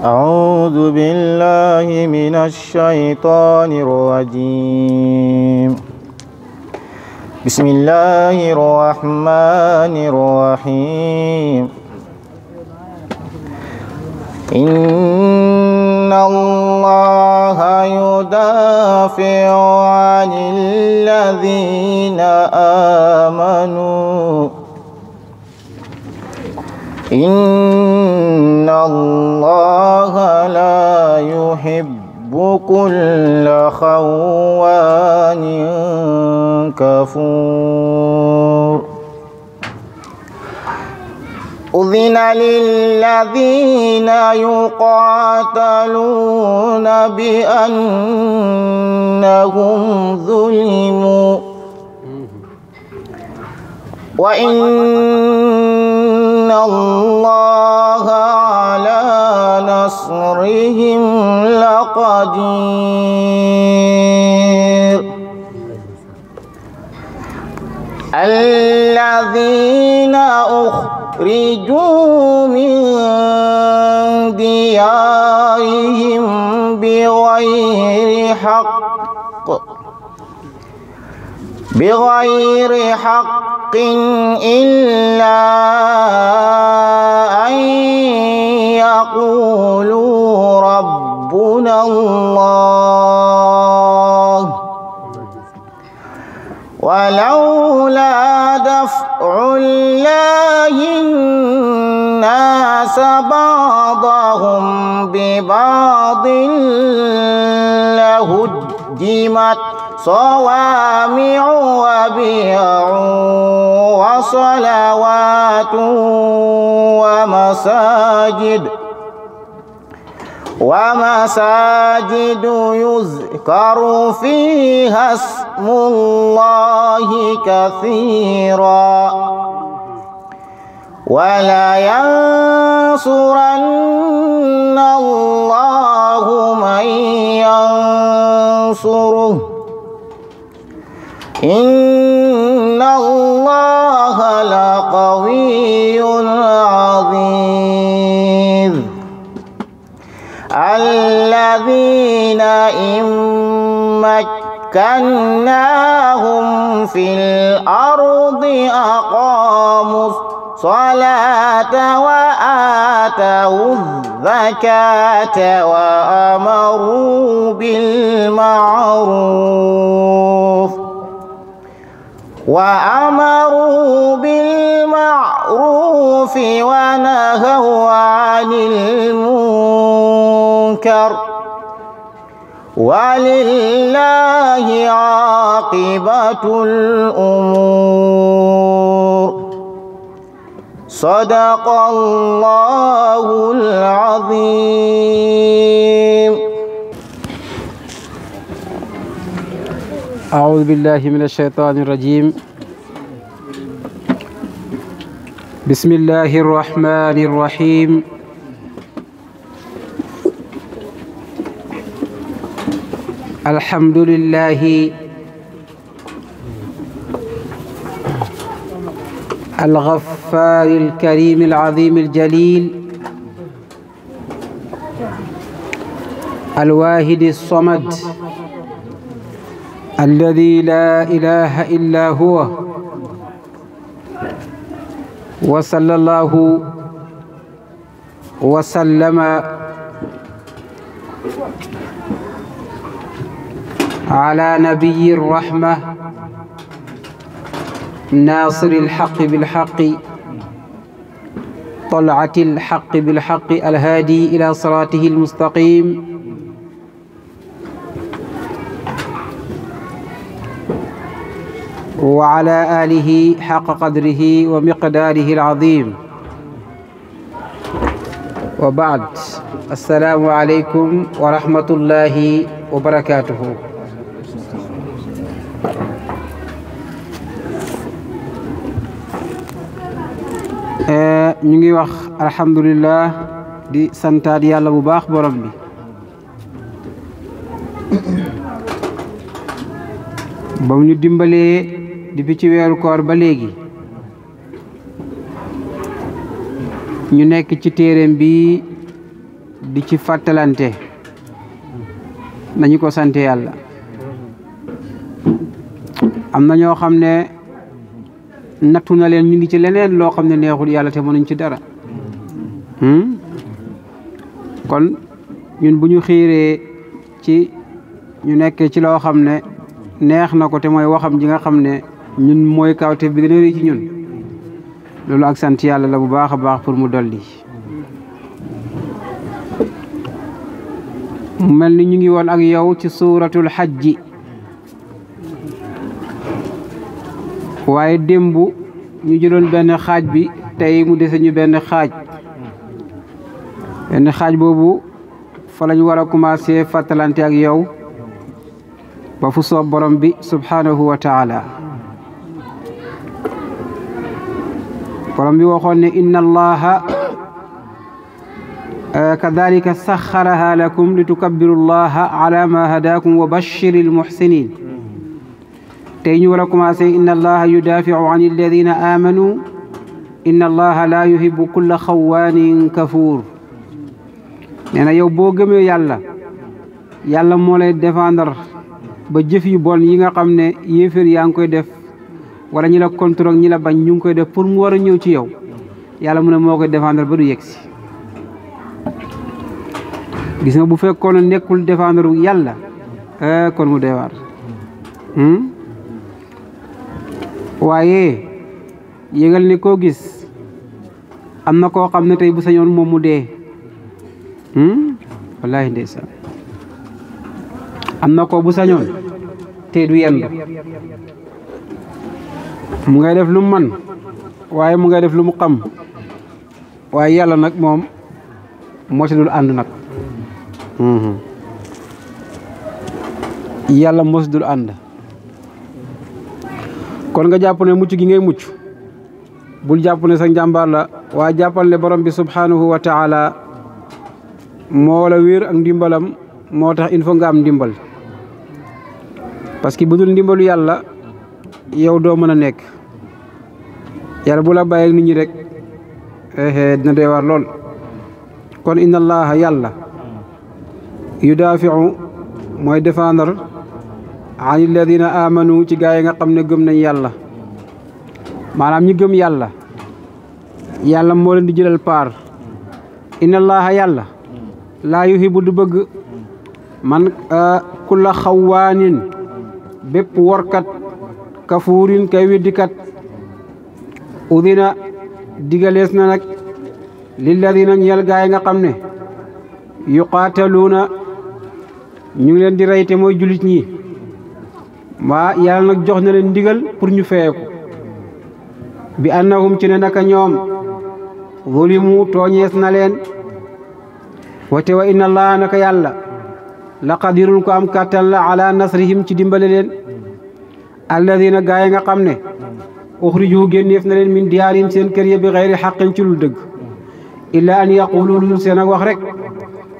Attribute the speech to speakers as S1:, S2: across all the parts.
S1: أعوذ بالله من الشيطان الرجيم بسم الله الرحمن الرحيم إن الله يدافع عن الذين آمنوا إن الله لا يحب كل خوان كفور أذن للذين يقاتلون بأنهم ظلموا وإن الله على نصرهم لقدير الذين أخرجوا من ديارهم بغير حق بغير حق إلا أن يقولوا ربنا الله ولولا دفع الله الناس بعضهم ببعض لهدمت صوامع وبيع وصلوات ومساجد ومساجد يذكر فيها اسم الله كثيرا ولا ينصرن الله من ينصره إن الله لقوي عظيم الذين إن مكناهم في الأرض أقاموا الصلاة وآتوا الزكاة وأمروا بالمعروف وأمروا بالمعروف ونهوا عن المنكر ولله عاقبة الأمور صدق الله العظيم
S2: أعوذ بالله من الشيطان الرجيم بسم الله الرحمن الرحيم الحمد لله الغفار الكريم العظيم الجليل الواهد الصمد الذي لا إله إلا هو وصلى الله وسلم على نبي الرحمة ناصر الحق بالحق طلعة الحق بالحق الهادي إلى صراطه المستقيم وعلى آله حق قدره ومقداره العظيم وبعد السلام عليكم ورحمة الله وبركاته آه، نيجي واخ الحمد لله دي سنتا ديال ابو باخ بروم بي بام di bi ci weeru koor ba léegi ñu nekk ci téereem bi di ci fàttalante nañu ko sant yàlla am na ñoo xam ne nattu na leen ñu ngi ci leneen loo xam ne neexul yàlla te mënuñ ci dara hmm? kon ñun bu ñu xiiree ci ñu nekk ci loo xam ne neex na ko te mooy waxam ji nga xam ne ñun mooy kawteef bi gën a rëy ci ñun loolu ak sant yàlla la bu baax a baax pour mu dolli mu mel ni ñu ngi woon ak yow ci suuratul xajji waaye démb ñu jëloon benn xaaj bi tey mu dese ñu benn xaaj benn xaaj boobu fa lañ war a commencé fàttalante ak yow ba fu soob borom bi subhanahu wa taala borom bi waxoon ne inna allaha kadalika saxaraha lakum li tukabbiru llaha ala ma hadakum wa bashir almuxsinin tey ñu war a commencé inna allaha yudaafiu an alladina amanu inna allaha laa yuhibu kulla xawaanin kafuur nee na yow boo gëmee yàlla yàlla moo lay défendre ba jëf yu bon yi nga xam ne yéeféer yaa ngi koy def wala ñi la contrôle ñi bañ ñu ngi koy def pour mu war a ñëw ci yow yàlla mu ne moo koy défendre ba du yegg si gis nga bu fekkoon ne nekkul défendre yàlla eh, kon mu doy waar hmm? waaye yëgal ne koo gis am na koo xam ne tey bu sañoon moom mu dee hmm? wallaahi ndeysaan am na ko bu sañoon te du yendu mu ngay def lu mu man waaye mu ngay def lu mu xam waaye yàlla nag moom moo ci ànd nag mm-hmm. yàlla moo ci ànd kon nga jàpp mucc gi ngay mucc bul jàpp sa njàmbaar waa jàppale jàppal ne borom bi subhanahu wa taala moo la wéer ak ndimbalam moo tax il faut nga am ndimbal parce que bu dul ndimbalu yàlla yow doo mën a nekk yàlla bu la bàyyeeg nit ñi rek dina doy waar lool kon inna allaha yàlla yudaafiu mooy défendre an alladina amanu ci gaa yi nga xam ne gëm nañ yàlla maanaam ñi gëm yàlla yàlla moo leen di jëlal paar inna allaha yàlla laa yuhibu du bëgg man ah, kulla xawaanin bépp workat kafuurin kay weddikat udina digalees na nag lilladina ñeel gaay nga xam ne yuqaataluuna ñu ngi leen di rey te mooy julit ñi waa yàlla nag jox na leen ndigal pour ñu feyeku bi annahum ci ne naka ñoom zulimu tooñees na leen wate wa inna allaha naka yàlla la qadirun ko am kàttan la ala nasrihim ci dimbale leen alladina gaa yi nga xam ne uxriju génneef na leen min diyaarim seen kër ya bi xayri xaqin ci lu dëgg illa an yaqulu lu seen wax rek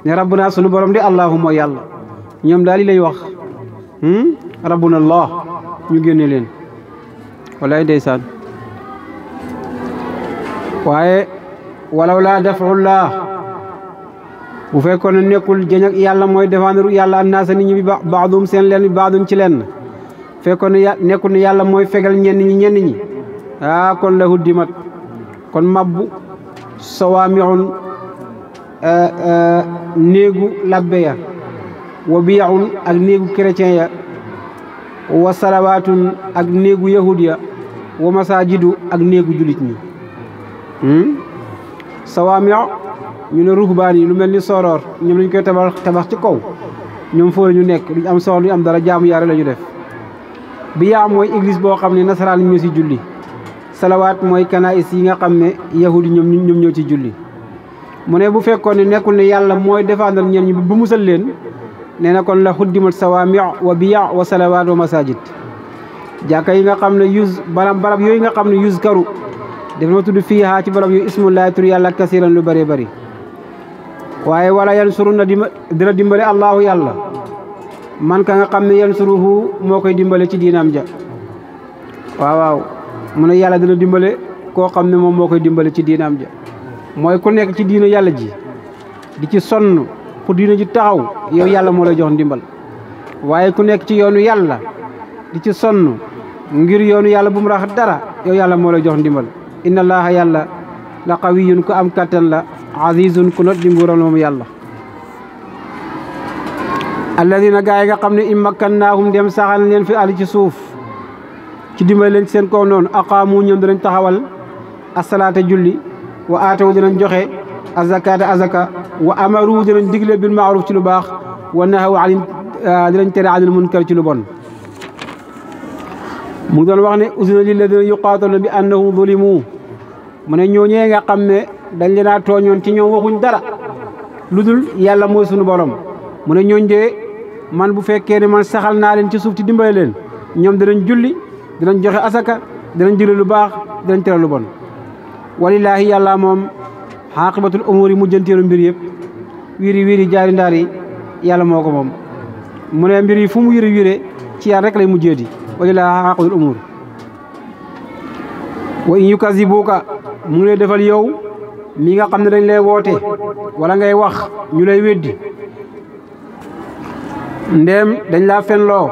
S2: ne rabbuna sunu borom di allahuma yàlla ñoom daal li lay wax hmm? rabbuna allah ñu génne leen walaay ndeysaan waaye walaw laa dafaullaa bu fekkoon ne nekkul jëñ yàlla mooy défendre yàlla an naasa nit ñi bi seen leen bi baaxdum ci leen fekkoon ne nekku ne yàlla mooy fegal ñenn ñi ñenn ñi ah kon lahu dimat kon mabbu sawaamixun eh, eh, néegu labbe ya wa biyaxun ak néegu chrétien ya wa salawaatun ak néegu yahud ya masaa masaajidu ak néegu julit ñi hmm? sawaamix ñu ne ruhbaan yi lu mel ni soroor ñoom lañ tabax ci kaw ñoom foo la ñu nekk duñ am soo duñ am dara jaamu yàlla la ñu def biyaa mooy église boo xam ne nasaraan mu ci julli salawaat mooy kanaïs yi nga xam ne yahudi ñoom ñoom ñoo ci julli mu ne bu fekkoon ne nekkul ne yàlla mooy défendal ñeen ñi bu musal leen nee na kon la xuddimal sawaami wa biya wa salawaat wa masajid jàkka yi nga xam ne yus baram barab yooyu nga xam ne yus karu def na tudd fii haa ci barab yooyu ismullahi tur yàlla kasiran lu bëree bëri waaye wala yan suru na dina dimbale allahu yàlla man ka nga xam ne yansuruhu moo koy dimbale ci diinam ja waaw waaw mu ne yàlla dina dimbale koo xam ne moom moo koy dimbale ci diinam ja mooy ku nekk ci diina yàlla ji di ci sonn pour diina ji taxaw yow yàlla moo lay jox dimbal waaye ku nekk ci yoonu yàlla di ci sonn ngir yoonu yàlla bu mu rax dara yow yàlla moo lay jox ndimbal inna allaha yàlla la qawiyun ku am kattan la azizun ku not di nguuram la yàlla alladina gaa yi nga xam ne immakkannaahum dem saxal leen fi àll ci suuf ci dimbali leen ci seen kaw noonu aqaamu ñoom dinañ taxawal asalaata julli wa aatawu dinañ joxe azakaata azaka wa amaru dinañ digle bil maaruf ci lu baax wa nahaw anil ah, dinañ tere mën munkar ci lu bon mu doon wax ne usina lilladina yuqaataluna bi annahum zulimu mu ne ñooñee nga xam ne dañ leen a tooñoon ci ñoom waxuñ dara lu dul yàlla mooy sunu borom mu ne ñooñ de man bu fekke ni man saxal na len ci suuf ci dimbale len ñom dinañ julli dinañ joxe asaka dinañ jël lu baax dinañ tere lu bon walillahi yalla mom haqibatul Wiri wiri mbir yeb wiri wiri jaari ndari yalla moko mom mune mbir yi fu mu ci yar rek lay mujjedi walillahi haqibatul umur wa in yukazibuka mu lay defal yow mi nga xamne dañ lay wote wala ngay wax ñu weddi ndem dañ laa fenloo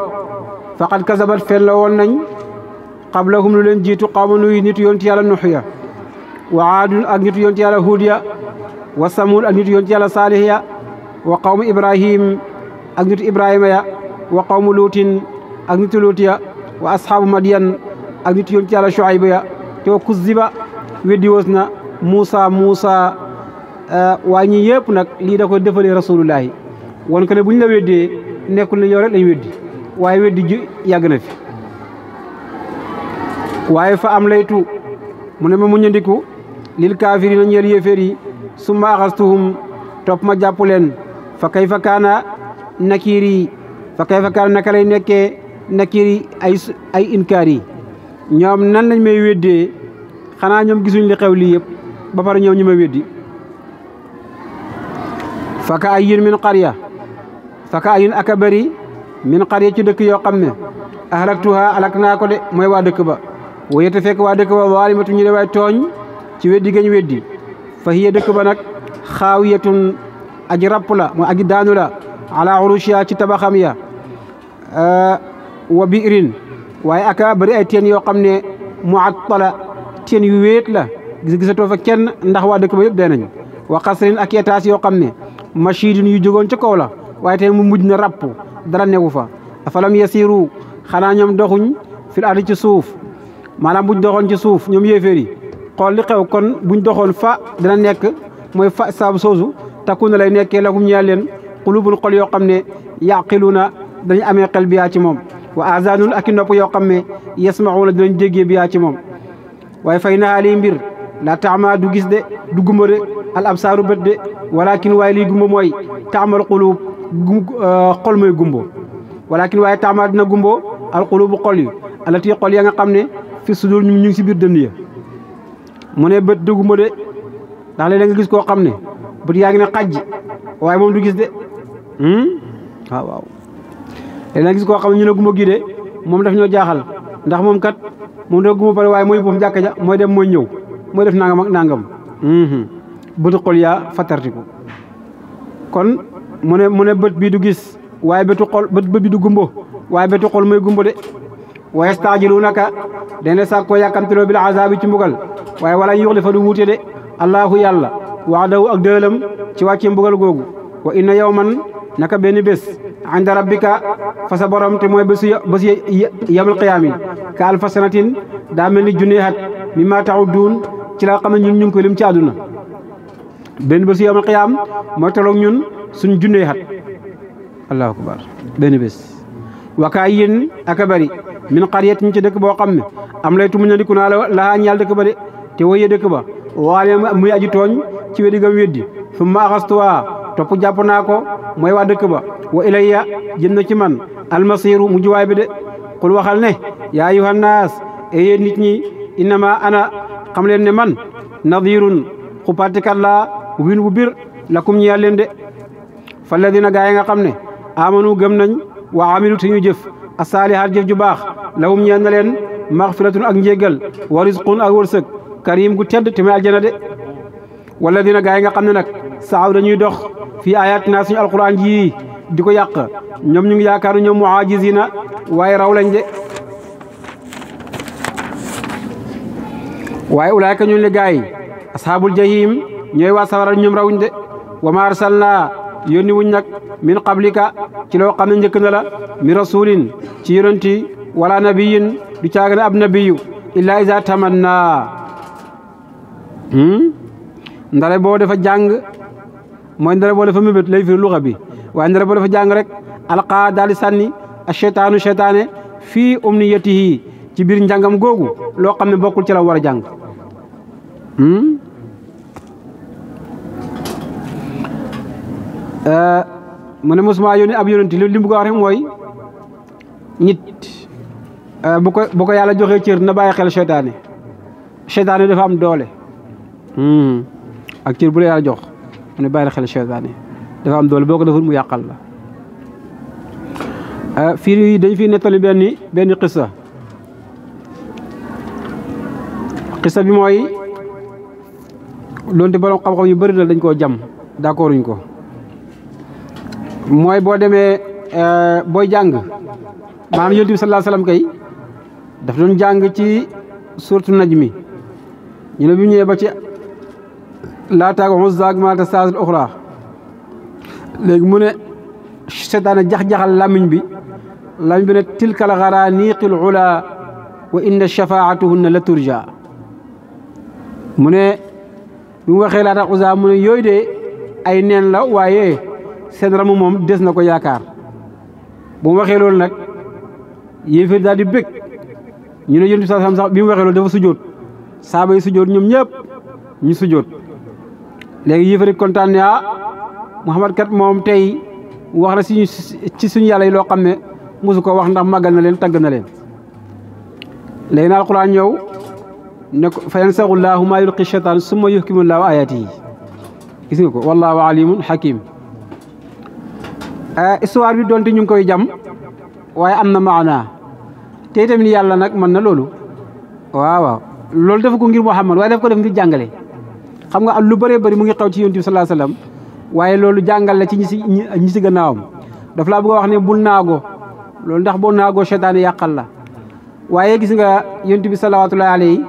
S2: faqad kasabat fenlo won nañ qablahum lu len jitu qawmun nuyu nit yonti yalla nuhya wa aadun ak nit yonti yalla huud wa samuud ak nit yonti yalla saalih ya wa qawm ibrahim ak nit ibrahima ya wa qawm luutin ak nit luut ya wa ashaabu madyan ak nit yonti yalla shuayb ya to kuziba kuzziba weddi woos musa muusa muusa eh, waa ñi yëpp nag lii da ko defale rasulullah won ko ne buñ la weddee nekkul ne yow rek lañ waaye weddi ji yàgg na fi waaye fa am laytu mu ne ma muñandiku lil kaafiri na ñeel yéeféer yi summa axastuhum topp ma jàpp leen fa kay fa kaana nakiir fa kay fa kaana naka lay nekkee nakiir yi ay ay inkaar ñoom nan lañ may weddee xanaa ñoom gisuñ li xew lii yëpp ba pare ñoom ñu ma weddi fa ka ay yéen min qarya faka ayun aka bëri min xarye ci dëkk yoo xam ne ahlaktuha alak naa ko de mooy waa dëkk ba wayete fekk waa dëkk ba waalimatu ñu de waay tooñ ci weddi gañ weddi fa hiya dëkk ba nag xaawiyatun aji rapp la mooy aji daanu la ala urushiya ci tabaxam ya wa biirin waaye aka bëri ay teen yoo xam ne muattala teen yu wéet la gis gisatoo fa kenn ndax waa dëkk ba yëpp dee nañ wa xasrin ak étage yoo xam ne machidin yu jógoon ca kaw la waye tey mu mujj na ràpp dara newu fa afalam yasiru xana ñom doxuñ fil ardi ci suuf manam buñ doxon ci suuf ñom yeferi xol li xew kon buñ doxon fa dara nekk moy fa saabu soosu takku lay nekkee lakum ñeel leen xulubun xol yoo yaqiluna dañ amé xel ci mom wa azanul ak nopp yoo xam ne yasmaxuuna dinañ ci mom way fayna ali mbir la ta'ma du gis de du gumba al absaru bedde walakin way li gumo moy ta'mal qulub Euh, xol moy gumbo walakin waaye tamad na gumbo al xol yi alati xol ya nga xamne fi sudur ñu ngi si biir dënd ya mune ne du gumbo de da lay nga gis ko xamne bu ya nga ne xajj waaye mom du gis de hmm wa wa da nga gis ko xamne ñu na gumbo gi de mom daf ñoo jaaxal ndax mom kat mu da gumbo pare waaye mooy bof jakka ja moy dem moy ñew moy def nangam ak nangam du hmm, hmm. qul ya fatartiku kon mu ne mu ne bët bi du gis waaye bëtu xol bët bi du gumbo waaye bëtu xol mooy gumbo de wa yastaajiluunaka dene sàkkoo yàkkamtiloo bil azaabi ci mbugal waaye wala yuxlifa du wuute de allahu yàlla waadahu ak dëelam ci wàcce mbugal googu wa inna yawman naka benn bés inda rabbika fa sa borom te mooy bésu bésu yamul qiyaam yi ka alfa daa mel ni junneexat mi maa taxu duun ci la xam ne ñun ñu ngi ko lim ci àdduna benn bés yowmal qiyaam mooy tolloog ñun suñ junnee xat allahu akbar benn bés wakaay yéen aka bari min xariyat ñu ci dëkk boo xam ne am lay tumuñ na di ku naa la laxaa ñaal dëkk ba de te waye dëkk ba waale muy aji tooñ ci weddi gam weddi summa axastuwaa topp jàpp naa ko mooy waa dëkk ba wa ilayya jëm na ci man almasiru mu juwaay bi de xul waxal ne yaa ayyuhan naas eyéen nit ñi innama ana xam leen ne man nadirun xuppaatikat laa win wu bir lakum ñeel leen de fa ladina gaa nga xam amanu gëm nañ waa amilu te ñu jëf asaalihaat jëf ju baax lahum ñeel leen maxfiratun ak njéggal wa ak wërsëg karim gu tedd te muy aljana de wala dina gaa yi nga xam ne saaw dañuy dox fii ayatina suñu alquran ji di ko yàq ñu ngi yaakaaru ñoom muajizina waaye raw lañ de waaye ulaayka ñun le gaa yi jahim ñooy waa sawara ñoom rawuñ de wa ma arsalna yónni wuñ nag min qablika ci loo xam ne njëkk na la mi rasulin ci yonenti wala nabiyin du caagane ab nabiyu illa isa tamanna hmm? ndare boo dafa jàng mooy ndare boo dafa mébét lay firi luxa bi waaye ndare boo dafa jàng rek alqaa daal di sànni a cheytaanu cheytaane fii umniyatihi ci biir njàngam googu loo xam ne bokkul ci la war a jàng hmm? Eh, mu ne mosuma yónni ab yónent loolu li mu rek mooy nit eh, bu ko bu ko yàlla joxee cër na bàyyi xel seytaane seytaane dafa am doole hmm. ak cër bu la yàlla jox mu ne bàyyi xel seytaane dafa doole boo ko deful mu yàqal la eh, fii dañ fi nettali benn benn xissa xissa bi mooy loonte borom xam-xam yu bëri la dañ koo jam d'accorduñ ko mooy boo demee euh, booy jàng maanaam yonent bi sallallahu kay daf doon jàng ci suuratu mi ñu ne bi ba ci laataag Uzza ak Maata saasul uxra léegi mu ne seytaane jax-jaxal làmmiñ bi làmmiñ bi ne tilkal xaraaniqil ula wa inna shafaatuhunna la turja mu ne bi mu waxee laataag Uzza mu ne yooyu de ay neen la waaye seen ramu moom des na ko yaakaar bu mu waxee loolu nag yéeféer daal di bég ñu ne yonent bi sax sax bi mu waxee loolu dafa sujjóot saaba yi sujjóot ñoom ñëpp ñu sujjóot léegi yéeféeri kontaan ne ah Muhammad kat moom tey wax na si ci suñu yàlla yi loo xam ne mosu ko wax ndax màggal na leen tagg na leen léegi naa alxuraan ñëw ne ko fa yansaxu llaahu maa yulqi shaytaan summa yuhkimu llaahu ayaati yi gis nga ko wallaahu alimun hakim Eh, histoire bi donte ñu ngi koy jam waaye am na maanaa te tamit yàlla nag mën na loolu waaw waaw loolu dafa ko ngir Muhammad waaye def ko def ngir jàngale xam nga am lu bëree bëri mu ngi xaw ci yonent bi sallallahu alayhi wasallam waaye jàngal la ci ñi si gannaawam daf laa wax ne bul naago loolu ndax boo naagoo seytaane yàqal la waaye gis nga yonent bi salawaatullahi alayhi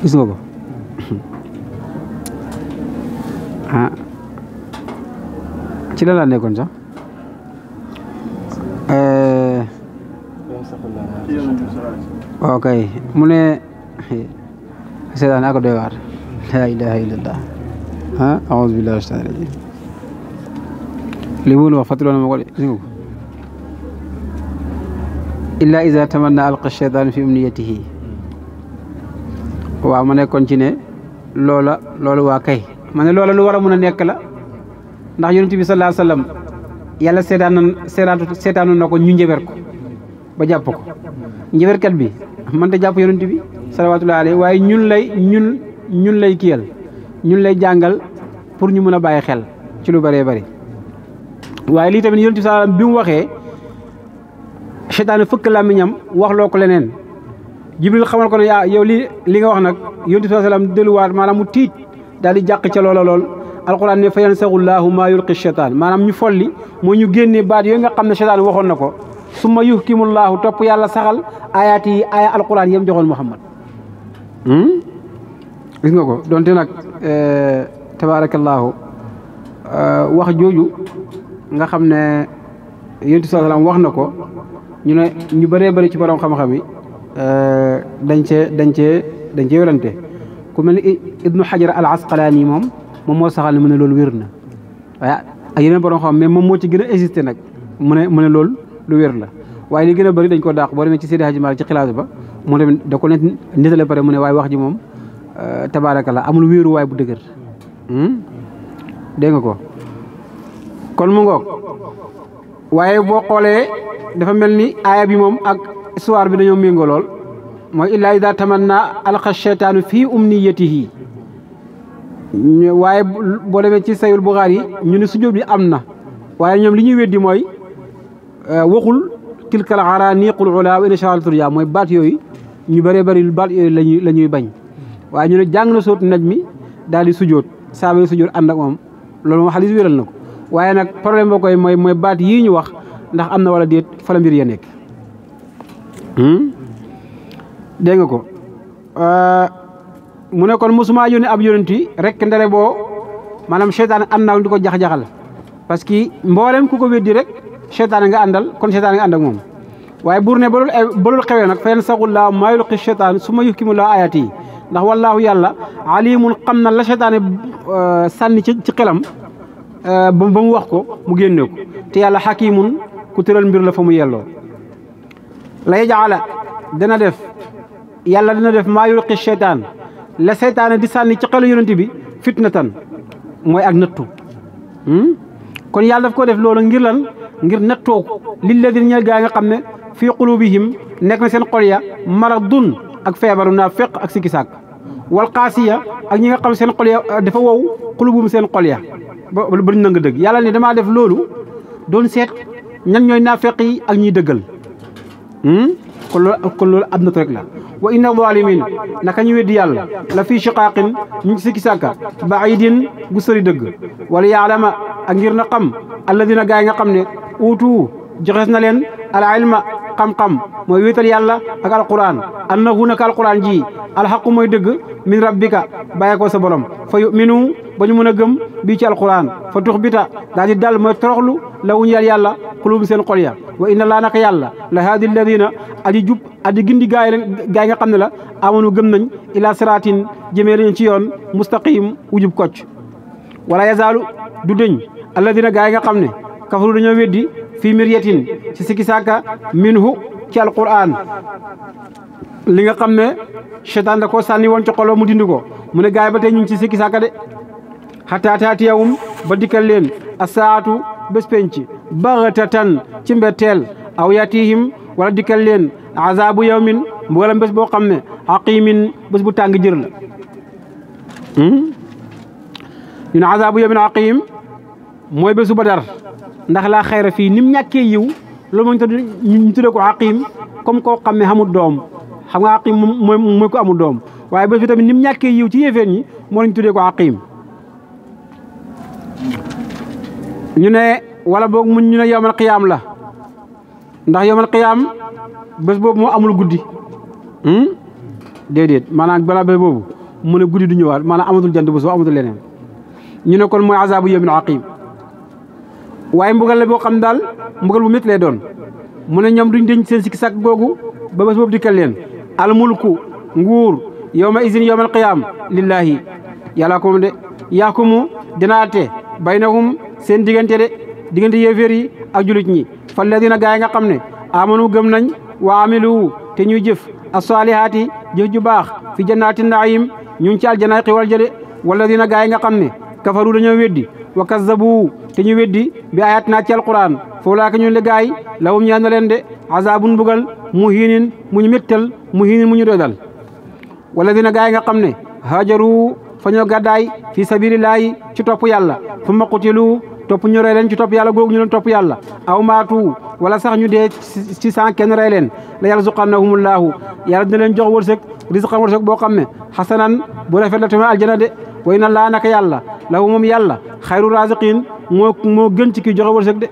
S2: gis nga ko ah ci la laa nekkoon sax eh. ok mu ne seetaan naa ko doy waar laa ilaha illallah ah aouzu billahi shaitan rajim li mu wax fàttaloo na ma ko de gis nga ko illa iza tamanna alqa shaytan fi umniyatihi waaw ma nekkoon ci ne loola loolu waa kay ma ne loola lu war a mën a nekk la ndax yonent bi sallallahu alayhi wasallam yàlla seetaan na seetaanu na ko ñu njëber ko ba jàpp ko njëberkat bi mënta jàpp yonent bi salawaatullahi alayhi waaye ñun lay ñun ñun lay kiyal ñun lay jàngal pour ñu mën a bàyyi xel ci lu bëree bëri waaye lii tamit yonent bi sallallahu alayhi wasallam bi mu waxee seytaane fëkk làmmiñam wax loo ko leneen jibril xamal ko ya yow li li nga wax nag yonent sallam delu wat manam mu tiit dal di jàq ci lolo lol alquran ne fa yansaxullaahu ma yulqi cheytaan manam ñu folli mo ñu genné baat yo nga xamne ne waxon nako na ko summa yuhkimullaahu topp yàlla saxal ayati yi aya alquran yam joxon muhammad hmm gis nga ko donte nag tabaarakallaahu wax joju nga xamne yunus yonent bi wax nako ñu ne ñu bare bare ci borom xam-xam yi dañ cee dañ cee dañ cee werante ku mel ni ibnu xajar al asqalaani moom moom moo saxal ne mu ne loolu wér na waaye ak yeneen borom xam mais moom moo ci gën a nag mu ne mu ne loolu lu wér la waaye li gën a bëri dañ ko dàq boo demee ci Seydi Hadji Malick ci xilaas ba mu tamit da ko net nitale pare mu ne waaye wax ji moom euh, tabaarakalla amul wéeru waay bu dëgër hmm? dégg nga ko kon mu ngoog waaye boo xoolee dafa mel ni aaya bi moom histoire bi dañoo méngoo lool mooy illaa ida tamanna alqa cheytaanu fii umniyatihi waaye boo demee ci sayul buxaar yi ñu ne sujjóot bi am na waaye ñoom li ñuy weddi mooy waxul tilkal araniqul ula wa inshaalah turja mooy baat yooyu ñu bëree bëri baat yooyu lañuy la ñuy bañ waaye ñu ne jàng na sóotu naj mi daal di sujjóot saabay sujjóot ànd ak moom loolu moom xalis wéral na ko waaye nag problème ba koy mooy mooy baat yii ñu wax ndax am na wala déet fa la mbir ya nekk Hmm? dégg nga ko euh, mu ne kon mosuma yónni ab yónenti rek ndere boo maanaam seytaane am naaw di ko jax-jaxal parce que mboolem ku ko weddi rek seytaane nga àndal kon seytaane nga ànd ak moom waaye buur ne ba xewee nag fayen sagul laa maa yulqi seytaan su ma yuhkimu laa ayaat yi ndax wallaahu yàlla alimun xam na la seytaane euh, sànni ci ci xelam euh, ba mu wax ko mu génne ko te yàlla xakimun ku tëral mbir la fa mu yelloo la yajaala dana def yàlla dana def maa yulqi seytaan la seytaane di sànni ci xelu yonent bi fitnatan mooy ak nattu hmm? kon yàlla daf ko def loolu ngir lan ngir nattoo lilladiina ñeel gaa nga xam ne fii quluubihim nekk na seen xol ya maradun ak feebaru naa feq ak sikki sàkk wal qaasiya ak ñi nga xam seen xol ya dafa wow xulubuum seen xol ya ba ba ñu nang dëgg yàlla ne damaa def loolu doon seet ñan ñooy naa feq yi ak ñiy dëggal kon kon loolu àdduna rek la wa inna zalimin naka ñu weddi yàlla la fii shiqaaqin ñu ngi sikki sàkka baidin gu sëri dëgg wala yaalama ak ngir na xam alladina gaa yi nga xam ne uutu joxees na leen al ilma xam-xam mooy wéetal yàlla ak alquran annahu naka alquran ji alxaqu mooy dëgg min rabbika bàyyee ko sa borom fa yuminu ba ñu mën a gëm bii ci alquran fa tux bita daa di dal mooy toroxlu la wuñu yàl yàlla xulum seen xol ya wa inna laa naka yàlla la haadi alladina aji jub aji gindi gaay gaay nga xam ne la amanu gëm nañ ila siraatin jëmee lañu ci yoon mustaqim wujub kocc wala yazaalu du dëñ alladina gaay nga xam ne kafaru dañoo weddi fii miryatin ci sikki sàkka minhu ci alquran li nga xam ne seytaan da koo sànni woon ci xoloo mu dindi ko mu ne gaay ba tey ñu ngi ci sikki sàkka de xataa taatiyahum ba dikkal leen asaatu bés penc baxtatan ci mbetteel aw yatihim wala dikkal leen azabu yawmin boo xam ne aqimin bés bu tàng jër la hmm? ñu ne azabu yawmin aqim mooy bésu badar ndax laa xayra fii ni mu ñàkkee yiw loolu moo ñu tudd ñu tuddee ko aqim comme koo xam ne amul doom xam nga aqim mooy mooy ko amul doom waaye bés bi tamit ni mu ñàkkee yiw ci yéeféer ñi moo lañ tuddee ko aqim ñu ne wala boog mu ñu ne yowmal qiyaam la ndax yowmal qiyaam bés boobu moo amul guddi hmm? déedéet maanaam balaa bés boobu mu ne guddi du ñëwaat maanaam amatul jant bu soo amatul leneen ñu ne kon mooy azaabu yawmin aqiim waaye mbugal la boo xam daal mbugal bu métti lay doon mu ne ñam duñ denc seen sikki sàkk googu ba bés boobu dikkal leen almulku nguur yow ma isin yow mal qiyaam lillaahi yàllaa ko moom de yaa ko mu dina atte baynahum seen diggante de diggante yéeféer yi ak julit ñi fa ladina gaa yi nga xam ne amanu gëm nañ wa amilu te ñuy jëf a asalihaati jëf ju baax fi jannaati naayim ñu ngi ci aljanaay xiwal jëde wala dina gaa yi nga xam ne kafaru dañoo weddi wa kazzabu te ñu weddi bi ayat naa ci alquran foo laaka ñun le gaay lawum ñaan na leen de azabun bugal mu hiinin mu ñu méttal mu hiinin mu ñu doydal wala dina gaay nga xam ne hajaru fa ñoo gàddaay fi sabilillahi ci topp yàlla fu ma qutilu topp ñu rey ci topp yàlla googu ñu topp yàlla aw maatu wala sax ñu dee ci cent kenn rey leen la yàlla suqannahumullaahu yàlla dina leen jox wërsëg risqan wërsëg boo xam ne way na laa naka yàlla law moom yàlla xayru raziqin moo moo gën ci ki joxe wërsëg de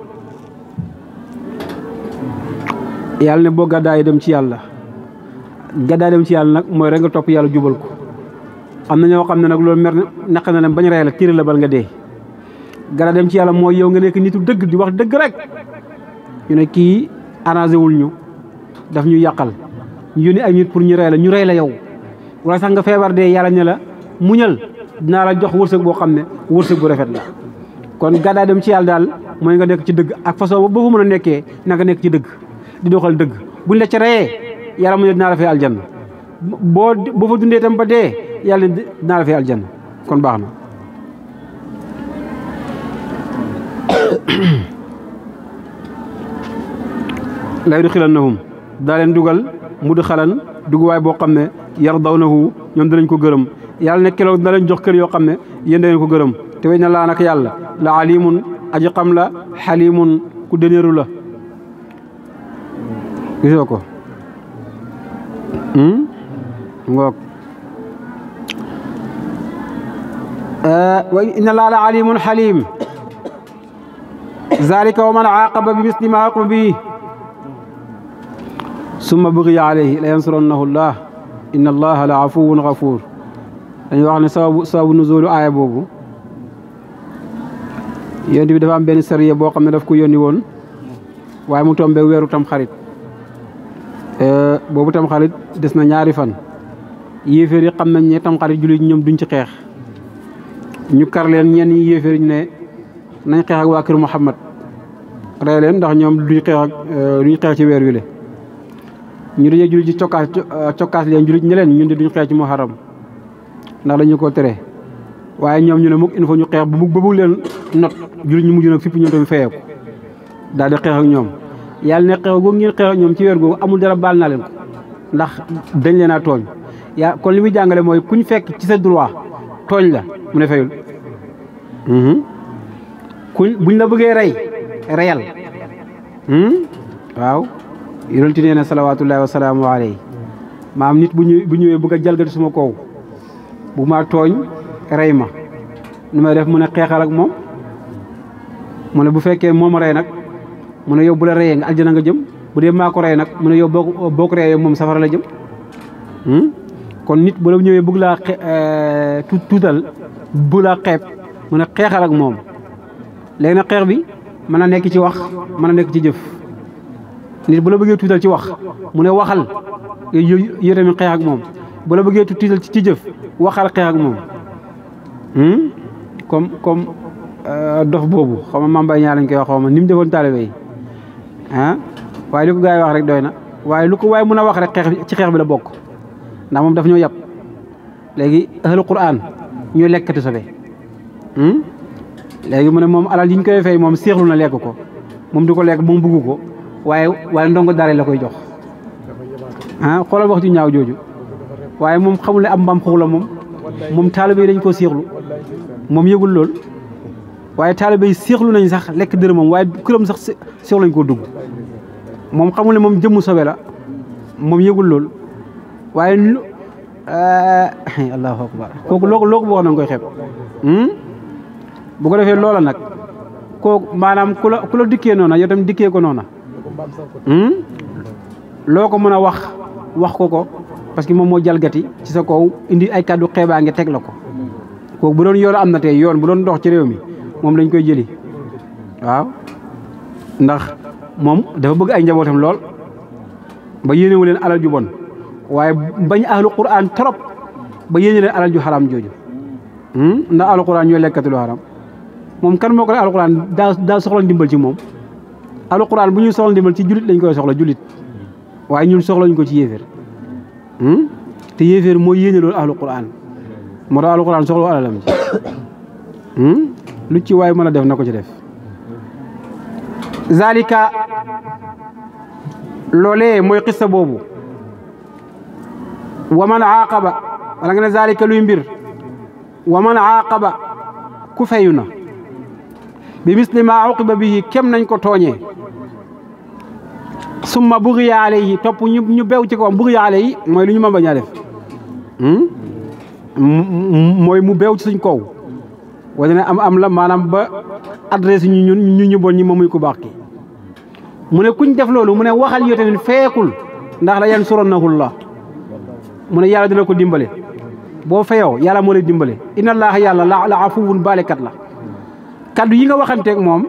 S2: yàlla ne boo gàddaay dem ci yàlla gàddaay dem ci yàlla nag mooy rek nga topp yàlla jubal ko am na ñoo xam ne nag loolu mer naq na leen bañ rey la tiir la bal nga dee gàddaay dem ci yàlla mooy yow nga nekk nitu dëgg di wax dëgg rek ñu ne kii arrangé wul ñu daf ñu yàqal ñu yónni ay nit pour ñu rey la ñu rey la yow wala sax nga feebar dee yàlla ne la muñal dinaa la jox wërsëg boo xam ne wërsëg bu rafet la kon gàddaay dem ci yàlla daal mooy nga nekk ci dëgg ak façon boo fa mën a nekkee na nga nekk ci dëgg di doxal dëgg buñ la ci reyee yàlla mu ne dinaa la fay aljanna boo boo fa dundee tam ba dee yàlla dinaa la fay aljanna kon baax na lay du xilan nahum daa leen dugal mu du xalan duguwaay boo xam ne yar daw nahu ñoom dinañ ko gërëm yàlla ne keroog dina leen jox kër yoo xam ne yéen da ngeen ko gërëm te weñ na laa nag yàlla la alimun aji xam la xalimun ku dëneeru la gisoo ko hmm? ngoog eh, wa inna laa la alimun xalim zalika wa man aaqaba bi misli ma aqaba bi summa bugiya alayhi la yansurannahu llah inna allaha la afuwun gafuur dañuy wax ne sababu sababu nuzulu aaya boobu yonent bi dafa am benn sariya boo xam ne daf ko yónni woon waaye mu tombe weeru tam xarit eh, boobu tam xarit des na ñaari fan yéeféer yi xam nañ ne tam xarit jullit ñoom duñ ci xeex ñu kar leen ñenn ñi yéeféer ne nañ xeex ak waa kër Muhammad rey leen ndax ñoom duñ xeex ak eh, duñ xeex ci weer wi le ñu dajee jullit ci cokkaas cokkaas leen jullit ñi leen ñun de duñ xeex ci Muharram ndax dañu ko tere waaye ñoom ñu ne mukk il faut ñu xeex bu mukk ba leen not jullit ñu mujj nag fipp ñu tamit fayeeku daal di xeex ak ñoom yàlla ne xeex googu ngeen ñoom ci weer amul dara baal naa leen ko ndax dañ leen a tooñ yaa kon li muy jàngale mooy kuñ fekk ci sa droit tooñ la mu ne fayul hmm? kuñ buñ la bëggee rey reyal hmm? waaw yonent nee na salawaatullaahi wa salaamu alayhi maam nit bu ñëwee bu ñëwee bëgg a jalgati suma kow bu ma tooñ rey ma nu may def mu ne xeexal ak moom mu ne bu fekkee moom rey nag mu ne yow bu la reyee nga aljana nga jëm bu dee maa ko rey nag mun ne yow boo boo ko reyee moom safara la jëm hmm? kon nit bu la ñëwee bëgg laa eh, tu tuutal bëgg laa xeeb xeexal ak moom léegi nag xeex bi mën na nekk ci wax mën a nekk ci jëf bu la bëggee tuutal ci wax mu ne waxal yow yow tamit xeex ak moom bu bëggee tu tiital ci jëf waxal xeex moom hmm? comme comme euh, dox boobu xaw ma mambay ñaa lañ koy wax xaw ma ni mu defoon taalibe yi ah waaye li ko gars yi wax rek doy na waaye lu ko waaye mën a wax rek xeex ci xeex bi la bokk ndax moom daf ñoo yàpp léegi ahlu quran ñooy lekkati sobe hmm? léegi mu ne moom alal yi koy fay moom seexlu na lekk ko moom di ko lekk moom buggu ko waaye waaye ndongo daara la koy jox ah xoolal wax ju ñaaw jooju waaye moom xamul ne ab mbaam xuux la moom moom taalibe yi dañ koo seexlu moom yëgul lool waaye taalibe yi seexlu nañ sax lekk moom waaye këram sax seexlu lañ koo dugg moom xamul moom jëmmu sobe la moom yëgul lool waaye lu eh, allahu akbar kooku loo ko loo ko koy xeeb hmm? bu ko defee loola nag kooku maanaam ku la ku la dikkee noona yow dikkee ko noona hmm? loo ko mën a wax wax ko ko parce que moom moo jalgati ci sa kaw indi ay kàddu xeebaange teg la ko kooku bu doon yoon am na tey yoon bu doon dox ci réew mi moom lañ koy jëli waaw ndax moom dafa bëgg ay njabootam lool ba yéenewu leen alal ju bon waaye bañ ahlu quran trop ba yéene leen alal ju xaram jooju hmm? ndax alquran ñooy lekkati lu xaram moom kan moo ko ne alquran daa daa soxla ndimbal ci moom alquran bu ñuy soxla ndimbal ci jullit lañ koy soxla jullit waaye ñun soxlañ ko ci yéeféer Hmm? te yéeféer mooy yéene loolu ahlu quran moo tax ahlu quran alalam ci hmm? lu ci waay mën a def na ko ci def zalika loole mooy xissa boobu wa man aaqaba wala nga ne zalika luy mbir wa man aaqaba ku fayu na bi misli ma uqiba bihi kem nañ ko tooñee summa bughiya yi topp ñu ñu bew ci kawam bughiya alayhi mooy lu ñu mën a def hmm? mu bew ci suñ kaw wala ne am am la maanaam ba adresse ñu ñun ñu ñu bon ñi moom muy ku baax ki mu ne kuñ def loolu mu ne waxal yow tamit feekul ndax la yan surannahu la mu ne yàlla dina ko dimbale boo feyoo yàlla moo lay dimbale inna laax yàlla la la afuwun baalekat la kaddu yi nga waxanteeg moom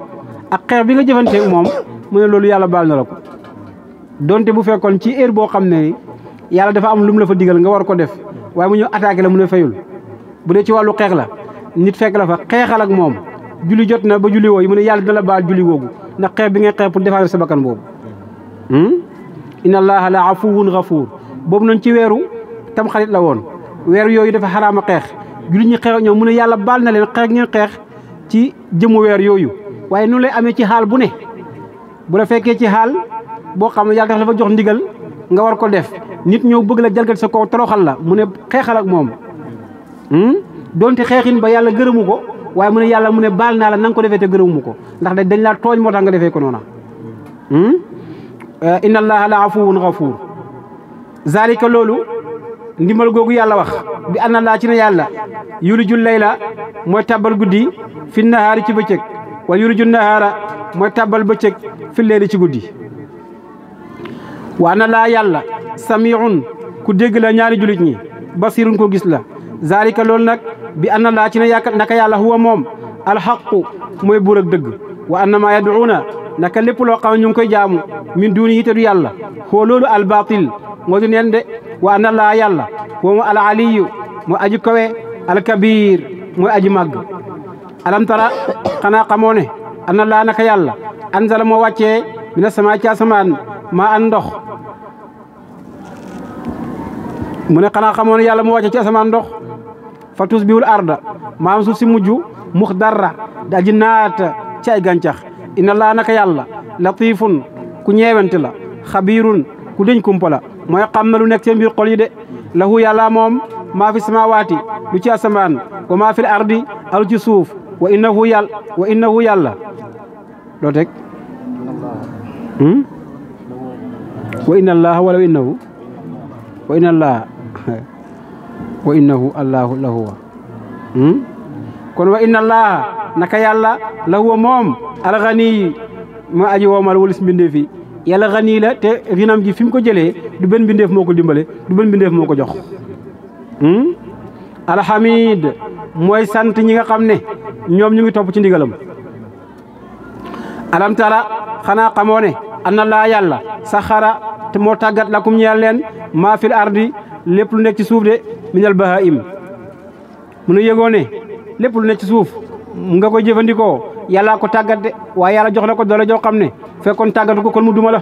S2: ak xeex bi nga jëfanteeg moom mu ne loolu yàlla baal na la ko donte bu fekkoon ci heure boo xam ne yàlla dafa am lu mu la fa digal nga war ko def waaye mu ñëw attaqué la mu ne fayul bu dee ci wàllu xeex la nit fekk la fa xeexal ak moom julli jot na ba julli wooyu mu ne yàlla dina la baal julli woogu ndax xeex bi ngay xeex pour défendre sa bakkan boobu hmm? inna allaha la afuwun gafuur boobu noonu ci weeru tam xarit la woon weer yooyu dafa xaraama xeex julli ñi xeex ñoom mu ne yàlla baal na leen xeex ngeen xeex ci jëmu weer yooyu boo xam ne yàlla dafa jox ndigal nga war ko def nit ñëw bëgg la jalgati sa kaw toroxal la mu ne xeexal ak moom hmm? donte xeexin ba yàlla gërëmu ko waaye mu ne yàlla mu ne baal naa la na ko defee te gërëmu ko ndax da dañ laa tooñ moo tax nga defee ko noona hmm? eh, inna allaha la afuwun gafuur zalika loolu ndimbal googu yàlla wax bi anna laa ci ne yàlla yuliju la mooy tàbbal guddi fi nahaari ci bëccëg wa yuliju nahaara mooy tàbbal bëccëg fi ci guddi waana laa yàlla samiun ku dégg la ñaari julit ñi basirun ko gis la zalika loolu nag bi anna laa ci ne yàkkat naka yàlla huwa moom alxaqu mooy buur ak dëgg wa annama yaduuna naka lépp loo xam ne ñu ngi koy jaamu min duuni yi te du yàlla xoo loolu albatil moo di neen de wa anna laa yàlla huwa moom alaliyu mooy aji kawe alkabir mooy aji màgg alam tara xanaa xamoo ne anna laa naka yàlla anzala moo wàccee mina sama asamaan maa an ndox mu ne xanaa xamoon yàlla mu wàcce ci asamaan ndox fa tus biwul arda maam suuf si mujj mux darra da ji ci ay gàncax ina laa naka yàlla latifun ku ñeewante la xabiirun ku dëñ kumpa la mooy xam na lu nekk seen biir xol yi de lahu yàlla moom maa fi samaawaati lu ci asamaan wa maa ardi alu ci suuf wa innahu yàll wa innahu yàlla loo hmm? wa inna allaha wala wa innahu wa inna allaha wa innahu allahu la huwa hmm? kon wa inna allaha naka yàlla la moom alxani ma aji woomal walis mbindeef yi yàlla xani te rinam ji fi mu ko jëlee du benn mbindeef moo ko dimbale du benn mbindeef moo ko jox hmm? alhamid mooy sant ñi nga xam ne ñoom ñu ngi topp ci ndigalam alam tara xanaa xamoo ne an na yàlla saxara te moo tàggat lakum ñeel leen maa fil ardi lépp lu nekk ci suuf de minal bahaim mu nu yëgoo lépp lu nekk ci suuf nga ko jëfandikoo yàllaa ko tàggat de waaye yàlla jox la ko doole joo xam ne fekkoon tàggatu ko kon mu duma la